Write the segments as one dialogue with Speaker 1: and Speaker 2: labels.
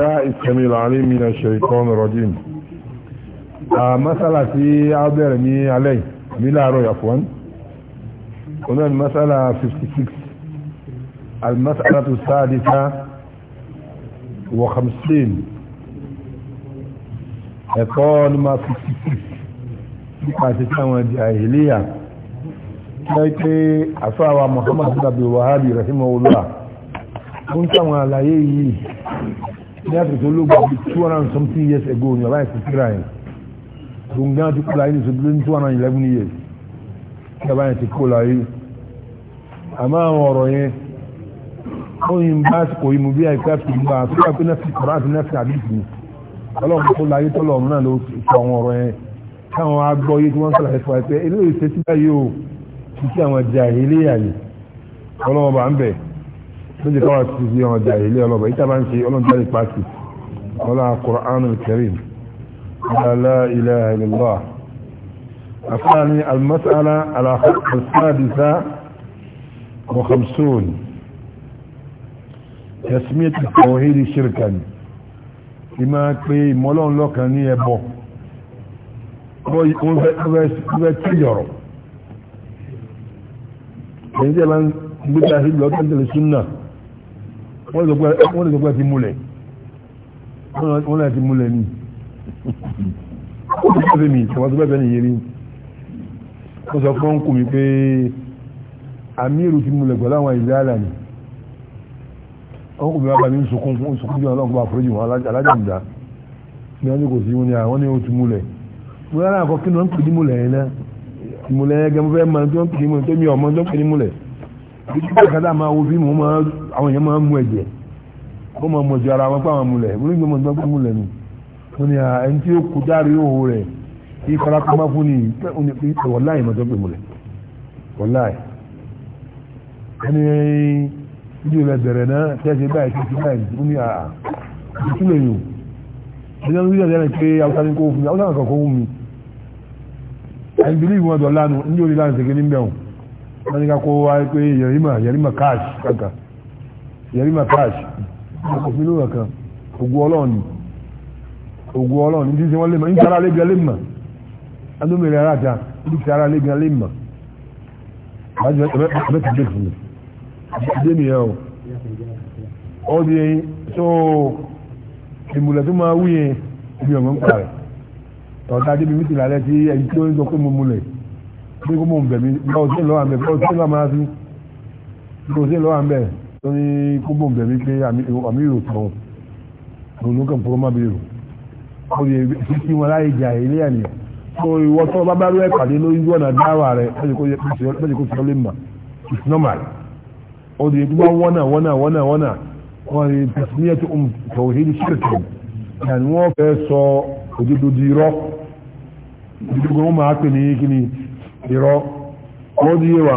Speaker 1: بالله السميع العليم من الشيطان الرجيم مسألة أبرني عليه ملا روي عفوا هنا المسألة 56 المسألة السادسة وخمسين ẹ̀kọ́ nọmba 56 nípa àtẹ́kẹ́ àwọn jàhìlíyà lẹ́yìn pé àfáàwà Muhammad bin Abdul Wahhab rahimahullah ń tàwọn àlàyé yìí ní àtúntò ológun bíi two hundred and something years ago ní bàbá yẹn ti síra yẹn òun gan ti kó láyé ní two hundred and eleven years ní bàbá yẹn ti kó láyé àmọ́ àwọn ọ̀rọ̀ yẹn oyin bá kò yí mu bí àìká fi gbà tó yà pé nẹ́ẹ̀sì kọ̀rọ̀ àti nẹ́ẹ̀sì àdìsí ọlọ́run kó láyé tọ́lọ̀ náà ló sọ àwọn ọ̀rọ̀ yẹn káwọn agbọ́ yé tí wọ́n sọ̀rọ̀ ẹ̀fọ́ ẹ̀fẹ́ eléyìí ṣe sí báyìí o kìí sí àwọn ẹja ìléyà yìí ọlọ́run bá ń bẹ̀ lójú káwá ti fi hàn jà ilé ọlọ́ba yìí tábà ń ṣe ọlọ́njáde pàtì ọlá Qur'an al-Karim la ilaha illallah afáàní al-mas'ala al-sadisa wa khamsun tasmiyat at-tawhid shirkan ìmá pé ìmọ́lọ́n lọ́kan ní ẹbọ wọ́n fẹ́ tíjọ̀rọ̀ èyí tẹ́ bá wọ́n lè gbẹ́ ti múlẹ̀ wọ́n lè ti múlẹ̀ ní ó ti pẹ́ mi ìṣẹ̀wọ́n tó bẹ́ẹ̀ bẹ́ẹ̀ nìyẹn rí ó sọ fún ọ̀nkù mi pé amíru ti múlẹ̀ pẹ̀lú àwọn ìzáàlà ni ọ̀nkù mi wá bá mi ń sunkún fún ìsunkún jù ọlọ́nkù bá forí jù wọn alájàmdá ní wọ́n ní kò sí wọn ni àwọn ah, ní ó ti múlẹ̀ wọ́n yára àkọ́kí ni wọ́n ń pè ní múlẹ̀ yẹn náà ìmúlẹ̀ yẹn gẹ́gẹ́ mo fẹ́ máa tó ń pè ní múlẹ̀ tó mi ọ̀mọ́ tó ń pè ní múlẹ̀ àwọn èèyàn máa ń mú ẹ̀jẹ̀ kó máa ara wọn pé àwọn múlẹ̀ wọ́n gbé mọ̀jú múlẹ̀ nù ẹni tí ó kú òwò rẹ̀ kí fún ni wọ́láì mọ̀jọ́ pé múlẹ̀ wọ́láì ẹni ìdílé rẹ̀ bẹ̀rẹ̀ náà tẹ́sí báyìí tẹ́sí báyìí wọ́n ní àà ìtúlẹ̀ yìí ẹjọ́ ní ìjọba pé awúsá ní kó fún mi awúsá náà kọ̀ọ̀kọ́ mi ẹni bí ìwọ̀n dọ̀ lánàá ní yẹrí makash òfin ló kàn ògùn ọlọ́run ni ògùn ọlọ́run ní títí wọn lè mọ ní tara lé gan lè mọ adómìnira ara ta ní tara lé gan lè mọ àjọ ẹbẹ ti dé fún mi dé nìyẹn o ọ di yẹn so ìmùlẹ̀ tó máa wú yẹn ibi ọ̀gbọ́n pa rẹ̀ ọ̀tá débi mi ti lálẹ́ tí ẹni tí ó ń sọ pé mo múlẹ̀ pé kó mò ń bẹ̀ mí báwo sí lọ́wọ́ àmì báwo sí lọ́wọ́ àmì báwo sí lọ́wọ́ àmì lórí kóbó bẹ̀rẹ̀ pé àmì ìrò tán òun ló kàn fọ́nmá bèrò ó lè fi kí wọn láyé jà ilé àná tó ìwọ tó bá bá rú ẹ̀ pàdé lórí ìwọ̀nà dáwà rẹ̀ lọ́jọ́ kó sọ lè mà it's normal ó lè gbọ́ wọ́nà wọ́nà wọ́nà wọ́nà wọ́n lè tẹ̀síyẹ́ tó ń tọ̀wéhìdì ṣèkì ìyàní wọ́n fẹ́ sọ òdodo di irọ́ ìdígbò wọn máa pè ní kíni irọ́ ó di yé wa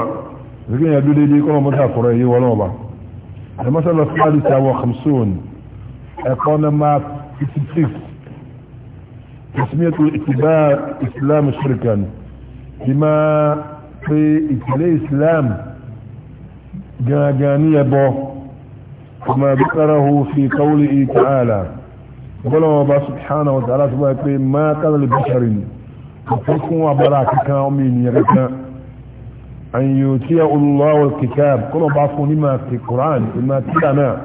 Speaker 1: ìgbìyànjú déédéé kọ́ ọmọdé àfọ̀rọ̀ èyí wọ́n náà المسألة الثالثة وخمسون اقونما 56 تسمية الاعتبار اسلام شركا بما في اتلي اسلام جاجانية بو كما ذكره في قوله تعالى قال الله سبحانه وتعالى سبحانه ما كان لبشر فكوا براكك أمين يغكا أن يؤتيه الله الكتاب كل بعض لما في القرآن لما تلنا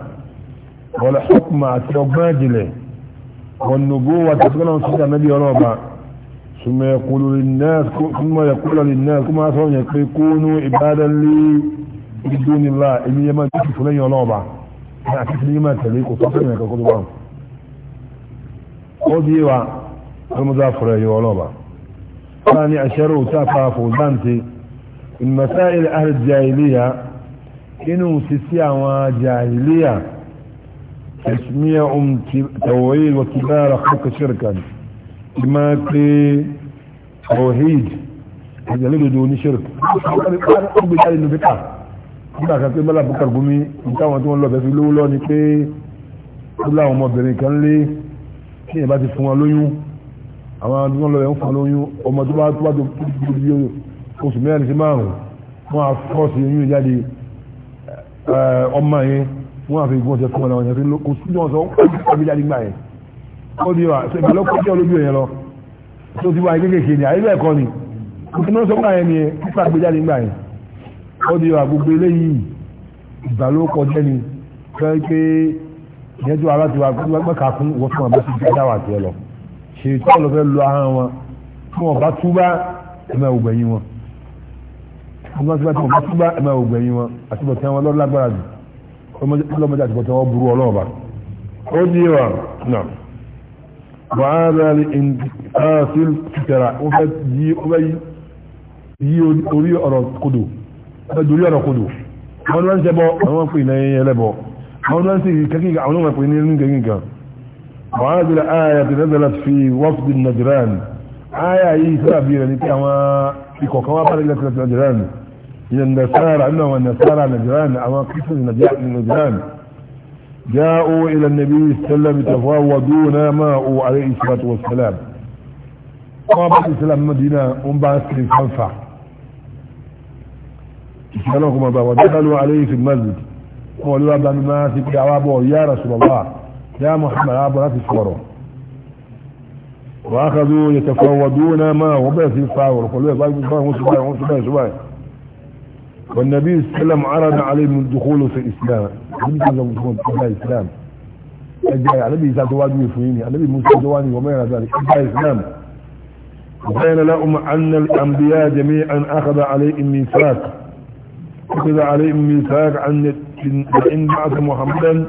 Speaker 1: والحكم أتوباجله والنبوة تقول سيدنا النبي ربا ثم يقول للناس ثم يقول للناس كما أصلا يكونوا عبادا لي بدون الله إني يما تشوف لي ربا أعكس لي ما تليك وصفنا كقول بعض قضي المضافر يا ربا ثاني عشر وتافا فوزانتي المسائل أهل الجاهلية إنه سيسيا وجاهلية تسميعهم توعيد وكبار خلق شركا كما في توحيد يجلد دون شرك أربي جالي نبقى nígbà kan pé mọ́lá bukar gumi ìtàwọn tí wọ́n lọ bẹ̀ fi lówó lọ ni pé ó láwọn ọmọbìnrin kan lé kí ìyẹn bá ti fún wọn lóyún àwọn tí wọ́n lọ bẹ̀ ń fún wọn lóyún ọmọ tó bá tó bá tó bí oṣù mẹ́rin sí márùn wọ́n á fọ́ọ̀sì yín jáde ọmọ yẹn wọ́n á fi gbọ́n ṣe fún ọ̀nà ọ̀nà kò sí ọ̀sán ó fi jáde gbà yẹn ó di wa ṣe ìbálòpọ̀ jẹ́ olójú yẹn lọ tó ti wá ayé kékèké ni ayé bẹ́ẹ̀ kọ́ ni òfin náà sọ́kà yẹn ni ẹ kíkà gbé jáde gbà yẹn ó di wa gbogbo eléyìí ìbálòpọ̀ jẹ́ ni fẹ́ pé ìyẹn tí wàá láti wá ọmọ tí wọ́n ti bọ̀ túbá ẹ̀mà ògbẹ̀yìn wọn àti bọ̀ tẹ́wọn lọ́dún lágbára jù ọlọ́mọdé àti bọ̀ tẹ́wọn burú ọlọ́ọ̀bà ó ní wa náà wọ́n á rẹ̀ ní ìtàsíl tìtẹ̀rà ó fẹ́ yí orí ọ̀rọ̀ kodò ó dorí ọ̀rọ̀ kodò àwọn náà ń ṣẹbọ àwọn pè ní ẹlẹ́bọ àwọn náà ń sì kẹ́kì àwọn náà pè ní ẹlẹ́nu kẹ́kì kan wọ́n á rẹ̀ ayà ti nazalat fi wọ́fdì Najran ayà yìí sábà bí rẹ̀ ní pé àwọn ikọ̀ kan wá bá rẹ̀ ní Najran من النصارى أنه النصارى نجران أما قصة نجران جاءوا إلى النبي صلى الله عليه وسلم يتفاوضون هو عليه الصلاة والسلام قام عليه السلام مدينة أنبعث للخنفع سألوكم أبا ودخلوا عليه في المسجد قالوا أبا الناس سيبك عوابه يا رسول الله يا محمد عوابه لا تشكره وأخذوا يتفاوضون هو وبيت الفاور قولوا يا صاحب سبحانه سبحانه سبحانه والنبي صلى الله عليه وسلم عرض عليهم الدخول في الإسلام النبي صلى الله عليه وسلم الإسلام أجاي النبي إذا دواني يفهمني النبي موسى جواني وما إلى ذلك في الإسلام وقال لهم أن الأنبياء جميعا أخذ عليهم ميثاق أخذ عليهم ميثاق أن إن بعث محمدا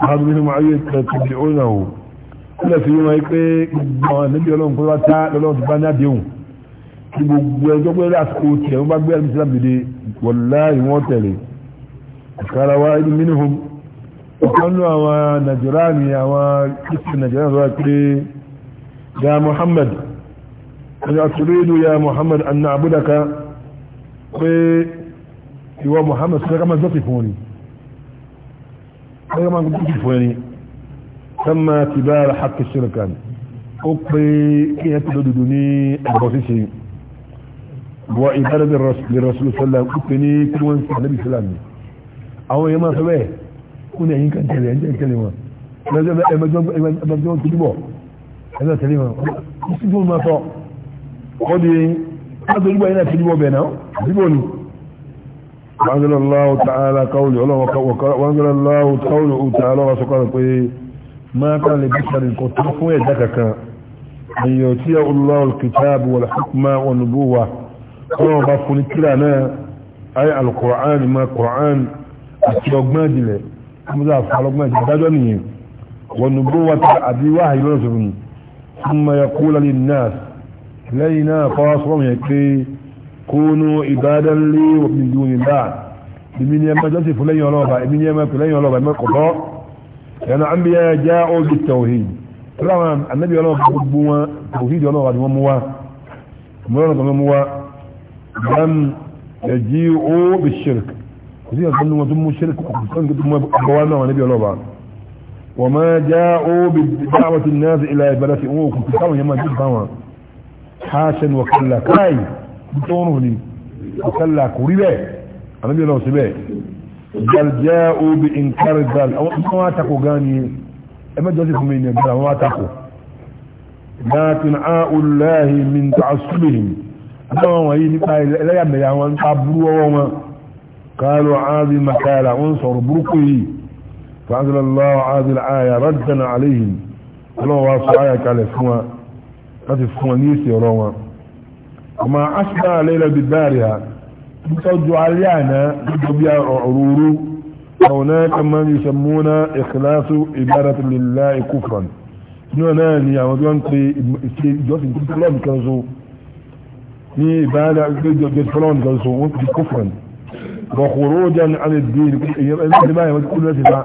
Speaker 1: أخذ منهم عيد تتبعونه قال في يوم هيك النبي لهم قلت لهم تبانا ديون tí gbogbo ẹjọ́ pé lásìkò tiẹ̀ wọ́n bá gbé ẹ̀mí sílámù dìde wọ̀láì wọ́n tẹ̀lé ìkara wa inú mínú hom ọ̀kan nú àwọn nàìjíríà ní àwọn kristi nàìjíríà sọ́wọ́ pé ya muhammad ẹni àtúrédù ya muhammad anna abudaka pé ìwọ muhammad sọ́kà máa zọ́tì fún ni sọ́kà máa zọ́tì fún ni sọ́mà tìbára hakì shirkan ó pé kí ẹ ti lódodo ní ẹ̀bọ̀ ṣíṣe wọ ìbáraẹni rasulù sọlá kúpe ní kí wọn sọ ànábì sọlá mi àwọn èèyàn máa sọ bẹ́ẹ̀ kún ní ẹ̀yìn kan tẹ̀lé ẹ̀yìn tẹ̀lé wọn ẹ̀mẹjọ tó dúbọ̀ ẹ̀mẹjọ tẹ̀lé wọn kí sí fún máa sọ ọ di wọn tó dúbọ̀ yẹn náà tó dúbọ̀ bẹ́ẹ̀ náà dúbọ̀ ni. وأنزل الله تعالى قولي وأنزل الله قوله تعالى وسقال ما كان لبشر قد تقوي ذكك أن يؤتيه الله الكتاب والحكمة والنبوة ọlọ́run bá fún ní tíra náà ayé alukur'an ma kur'an àti ọgbọ́n ìjìnlẹ̀ amúdá àfọlọ́gbọ́n ìjìnlẹ̀ dájọ́ nìyẹn wọn nùbó wa ta àbí wáhàyí lọ́nà sọ̀rọ̀ ni fún ma yẹ kó lálẹ́ nas lẹ́yìn náà fọwọ́ sọ́wọ́ yẹn pé kónú ìbádán lé òfin ìdíwọ̀n ní bá èmi ni ẹ máa jọ́sìn fún lẹ́yìn ọlọ́ọ̀bà èmi ni ẹ máa pè lẹ́yìn ọlọ́ọ̀bà ẹ máa kọ̀ bọ́ yẹn náà lam yaji'u bishirk kò sí ẹ̀sán wọn tó mú shirk ọkùnrin tó mú ọgbọ́wá náà níbi ọlọ́ba wọ́n máa ja'u bi da'wati an-nas ila ibadati wọn òkú kí táwọn yẹn máa dùn báwọn haṣan wa kalla káì bí tó rùn ni wa kalla kò rí bẹ́ẹ̀ àníbi ọlọ́wọ́ sí bẹ́ẹ̀ bal ja'u bi inkar dal àwọn tó wá takò gan ni ẹ mẹ́jọ sí fún mi ní ẹgbẹ́ àwọn wá takò min ta'asubihim àwọn wọ̀nyí nípa ẹlẹ́yàmẹ̀yà wọn nípa burú ọwọ́ wọn قالوا عاذي مكالا انصر بركي فأنزل الله عاذي الآية ردا عليهم الله واسع آية كالفوا قد فوا نيسي روا وما عشنا ليلة بدارها تسجوا علينا بجبيا عرورو هناك من يسمون إخلاص عبادة لله كفرا نواناني يا مدوانتي جوسي كنت الله مكرزو ni ibada jọjọjọjọlọ́n kan so wọ́n ti kófùrán bọ̀ kòrò jan alìdín ẹgbẹ́ báyìí wọ́n ti kúrò láti bá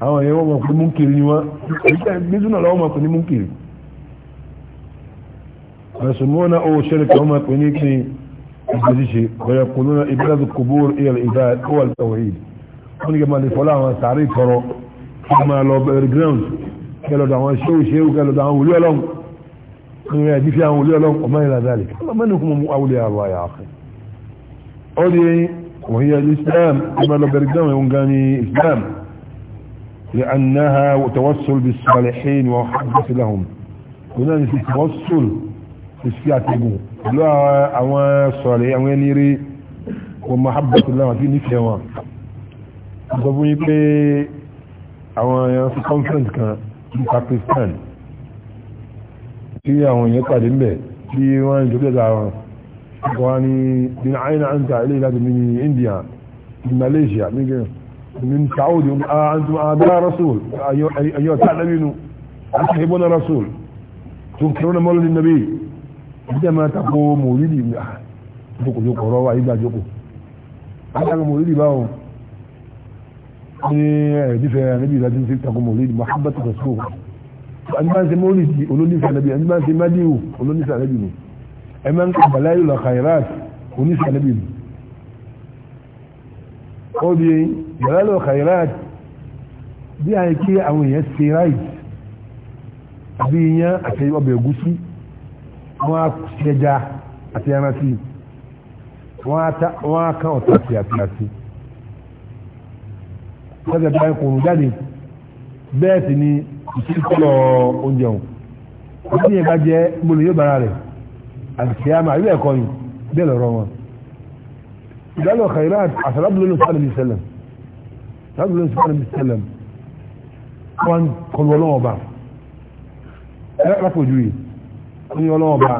Speaker 1: àwọn èèyàn wọ́n fún múnkiri ni wọ́n gbẹ́sùn náà lọ́wọ́ fún ní múnkiri mẹ́sùnmọ́ náà ó ṣẹlẹ̀ kan máa pè ní kí ìgbésíṣe bẹ̀rẹ̀ kùnú na ibada kubur iyal ibada kowal tawhid wọ́n ni kí máa lè fọ́lá àwọn sàárè tọrọ kí máa lọ bẹ̀rẹ̀ ground kẹlọ̀dọ̀ àwọn ṣéwù ṣéwù kẹlọ̀dọ̀ àwọn wòlíọ̀lọ́wọ́ ìrìn àjí fi àwọn olè ọlọ́run ọmọ ìlà dálì ọlọ́mọ́ni kún mú àwùlẹ̀ àrùn àyà àfẹ́ ó di wọ́n yẹ islam ọmọ ẹlọ́bẹ̀rẹ̀ dáwọn ẹ̀hún gan ní islam لأنها توسل بالصالحين وحدث لهم هنا في توسل في سياتهم لا أوا صالح أوا نيري ومحبة الله في نفسها ضبوني بي أوا في كونفرنس كان في باكستان tí àwọn èèyàn pàdé mbẹ̀ tí wọ́n ń jókè dára wọn kọ́ wa ní bin aina an ta ilé láti mi ní India ní Malaysia ní gẹ̀ min saudi antum abira rasul ayo ta nabinu asahibuna rasul tunkiruna mawlidin nabi idan ma ta ko mawlidi joko ah, joko ọ̀rọ̀ wa igba joko adága mawlidi báwo ní ẹ̀ẹ́dífẹ́ níbi ìdájú sí takò mawlidi muhammadu rasul ẹni bá ń ṣe mọ́lìsì olóníṣẹ́ ànábì ẹni bá ń ṣe mádìwù olóníṣẹ́ ànábì nù ẹ máa ń kọ bàláyé lọ khairat oníṣẹ́ ànábì nù ó di bàláyé lọ khairat bí a yẹ kí àwọn èèyàn ṣe ráìt àbí iyán àti ọbẹ̀ ẹ̀gúsí wọ́n á ṣẹja àti ẹran sí wọ́n á kán ọ̀tá sí àti àti wọ́n jáde bẹ́ẹ̀ sì ni kò sí kọ́lọ̀ oúnjẹ òun òun ní ẹ̀ka jẹ́ gbọ́dọ̀ yóò bára rẹ̀ àti àmà ilé ẹ̀kọ́ ni bẹ́ẹ̀ lọ́rọ̀ wọn. ìdálò kàìlá àsàlábùlẹ̀ ló sáré mi sẹlẹ̀ sábùlẹ̀ ló sáré mi sẹlẹ̀ wọn kọlu ọlọ́wọ́ bá ẹ lápò ju yìí wọn ní ọlọ́wọ́ bá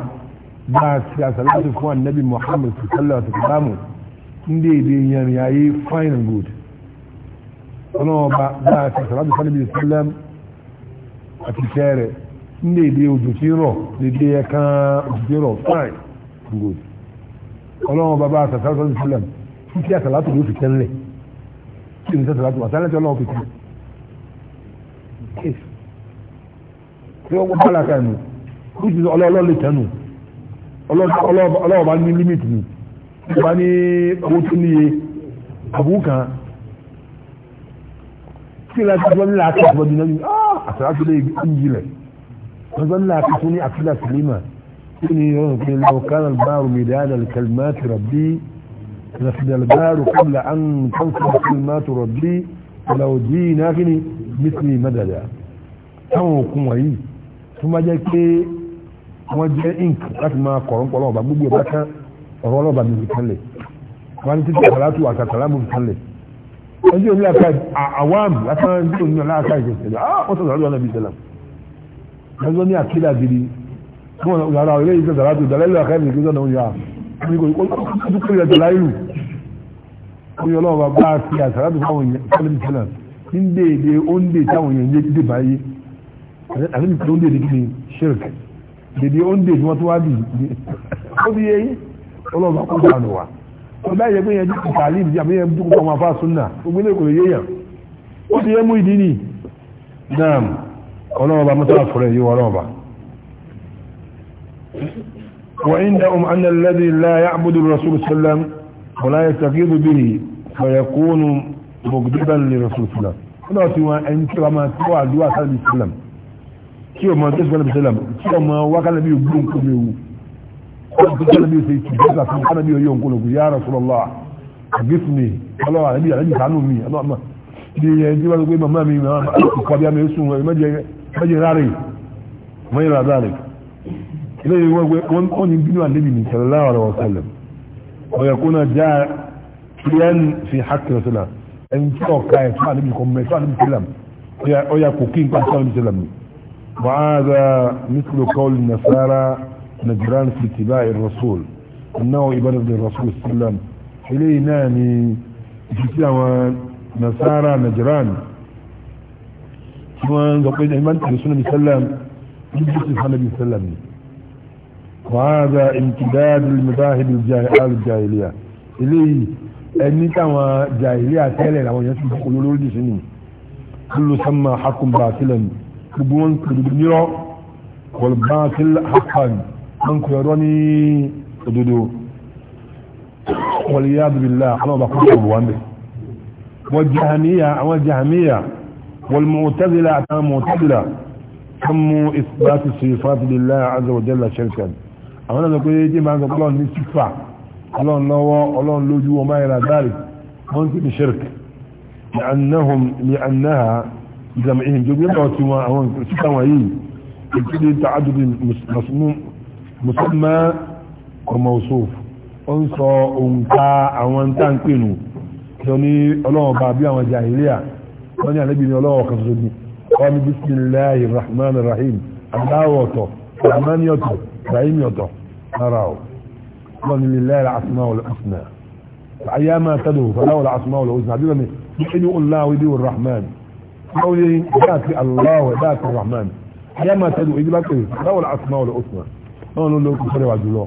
Speaker 1: bá a ti àsàlábùlẹ̀ fún anabi Muhammad sallá àtàkùnlámù ndé èdè yẹn ni ayé fine and good ọlọ́wọ́ bá bá a ti àsàlábùlẹ̀ fún anabi sallá àtàkùnlámù àti iṣẹ́ rẹ̀ nílé èdè òjò tí rọ̀ lédè ẹ̀ka òjò tí rọ̀ fine good ọlọ́run bàbá àtàtà ọ̀sán ìsìlẹ̀m títí àtàlátò ló fi tẹ́lẹ̀ tí ìrìnsẹ̀ àtàlátò àtàlẹ́tì ọlọ́run fi tẹ́lẹ̀ tí wọ́n gbọ́ bàlá kan nù kú ti ọlọ́run lè tẹ́nu ọlọ́run bá ní límìtì nù ó bá ní owó tó níye àbúkàn tí ìrìnsẹ̀ àtàlátò ní làákà àtàlátò náà àtàràtò lè yílẹ̀ wọ́n lè àti fún ní àfílà sílímà tí ni yọ̀rọ̀ pé lọ́wọ́ kánà báàrù mi dáadà kalmati rabbi lafidà báàrù kọ́mla an kọ́nsọ̀ kalmati rabbi lọ́wọ́ jí iná kí ni mísìlì madada táwọn òkun wọ̀nyí tó máa jẹ́ pé wọ́n jẹ́ ink láti máa kọ̀rọ̀ ń pọ̀ gbogbo ẹ̀ bá ọ̀rọ̀ ọlọ́ba mi kan lẹ̀ wọ́n ti ẹjọ́ ní àká àwọn látàrí ní òní ọ̀la àká ìgbésẹ̀lẹ̀ ah wọ́n sọ̀rọ̀ lọ́wọ́ nàbí sẹ́lẹ̀ ẹjọ́ ní àkídà gidi wọn yàrá ilé iṣẹ́ sàrà tó dàlẹ́ ìlú àká ìgbésẹ̀ sọ̀rọ̀ náà yà mí kò kó yẹ dàlá ìlú ó yọ lọ́wọ́ bá a fi àsàrà tó fáwọn sẹ́lẹ̀ mi sẹ́lẹ̀ ní déédé ó ń dé táwọn yẹn yé dé báyé àti mi kò ń dé ní shirk déédé ó ń dé tí wọ́n tó wá bì í ó ti yẹ yín ọlọ́wọ́ bá kó dànù ọba ẹ̀yẹ pé yẹn dúkù tààlì ìdí àbí yẹn dúkù ọmọ afá súnà gbogbo ilé ìkòlè yéèyàn ó ti yẹ mú ìdí nì náà ọlọ́ọ̀bà mọ́tàlá fúnra yìí ọlọ́ọ̀bà وعندهم أن الذي لا يعبد الرسول صلى الله عليه وسلم ولا يستغيث به فيكون مكذبا للرسول صلى الله عليه وسلم ọlọ́rọ̀ tí wọ́n ẹni tí wọ́n máa tí wọ́n àdúrà sálẹ̀ ìsìlẹ̀m tí wọ́n máa tẹ́sí wọ́n lẹ́bí sẹ́lẹ̀m tí wọ́n máa wákàlẹ̀ bí mi wù قال النبي سيدنا سبحان النبي يوم يقول يا رسول الله اجسني الله النبي النبي كانوا مي الله دي دي بقى يقول ماما مي ماما قد يا مسو ما جي ما جي راري ما يرى ذلك إذا يقول أن يبنوا النبي صلى الله عليه وسلم ويكون جاء في حق رسول الله ẹni tí ọ̀ka ẹ̀ tó wà níbi kọ̀mọ̀ tó wà níbi sílẹ̀m ọ̀yà kò kí n pa sọ́ọ́ níbi sílẹ̀m ni. wàá ra nítorí kọ́ọ̀lù nàṣàrà نجران في اتباع الرسول أنه إبادة الرسول صلى الله عليه وسلم إليه ناني سوان نصارى نجران سوان نقول إيمان رسول صلى الله عليه وسلم يجسي النبي صلى الله عليه وسلم وهذا امتداد المذاهب الجاهلية إليه اني táwọn جاهلية tẹ́lẹ̀ làwọn yẹn قلول kò lórí dì sí ni kúlù sánmà hakùn bàtílẹ̀ gbogbo ń kò ẹ̀rọ ní òdodo wọ́n lè yá àdúgbìlá àwọn ọba kúrò ọ̀bọ̀ wọn bẹ̀ wọ́n jahamiya àwọn jahamiya wọ́n mu'tazila àtàwọn mu'tazila kan mú isbati sifati lillahi azza wa jalla shirkan àwọn náà pé jẹ́ máa ń sọ ọlọ́run ní sífà ọlọ́run lọ́wọ́ ọlọ́run lójú ọmọ ìrà dárí wọ́n ti ní shirk لأنهم لأنها جمعهم جميع وتوا أو سكوا يي تعدد مسموم musamman ọmọọsọf ó ń sọ òǹkà àwọn táǹpìnù tó ní ọlọ́wọ́ bá bí àwọn jahiliya wọ́n ní àlébìnrin ọlọ́wọ́ kan tó ní wọ́n ní bisimilahi rahman rahim aláwọ̀ ọ̀tọ̀ rahman yọ̀tọ̀ rahim yọ̀tọ̀ rárá o wọ́n ní lillahi al-asma wal-husna ayé máa tẹ́lẹ̀ falahu al-asma wal-husna àbí wọn ni ìdí ọláwọ̀ ìdí rahman wọ́n ní dáàtì aláwọ̀ dáàtì rahman ayé máa tẹ́lẹ̀ ìdí bá tẹ̀lé falahu al-asma wal ọlọ́run ló lókun fẹ́rẹ̀ wà jùlọ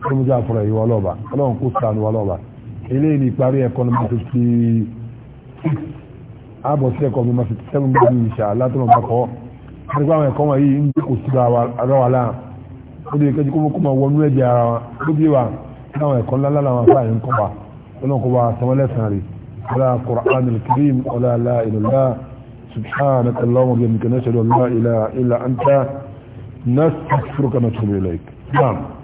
Speaker 1: ọlọ́run jẹ́ àfọ̀rọ̀ ìwọ ọlọ́ọ̀bà ọlọ́run kó sànù ọlọ́ọ̀bà eléyìí ni ìparí ẹ̀kọ́ ní mọ́tò ti ààbọ̀ sí ẹ̀kọ́ mi mọ́tò ti sẹ́gun bá mi ìṣà látọ̀nà bá nípa àwọn ẹ̀kọ́ wọ̀nyí ń gbé sí ara wa láà ó lè kẹ́jú kó kó máa wọnú ẹ̀jẹ̀ ara wa ó bí wa láwọn ẹ̀kọ́ ńlá láwọn afáàyè نستغفرك ونتوب إليك نعم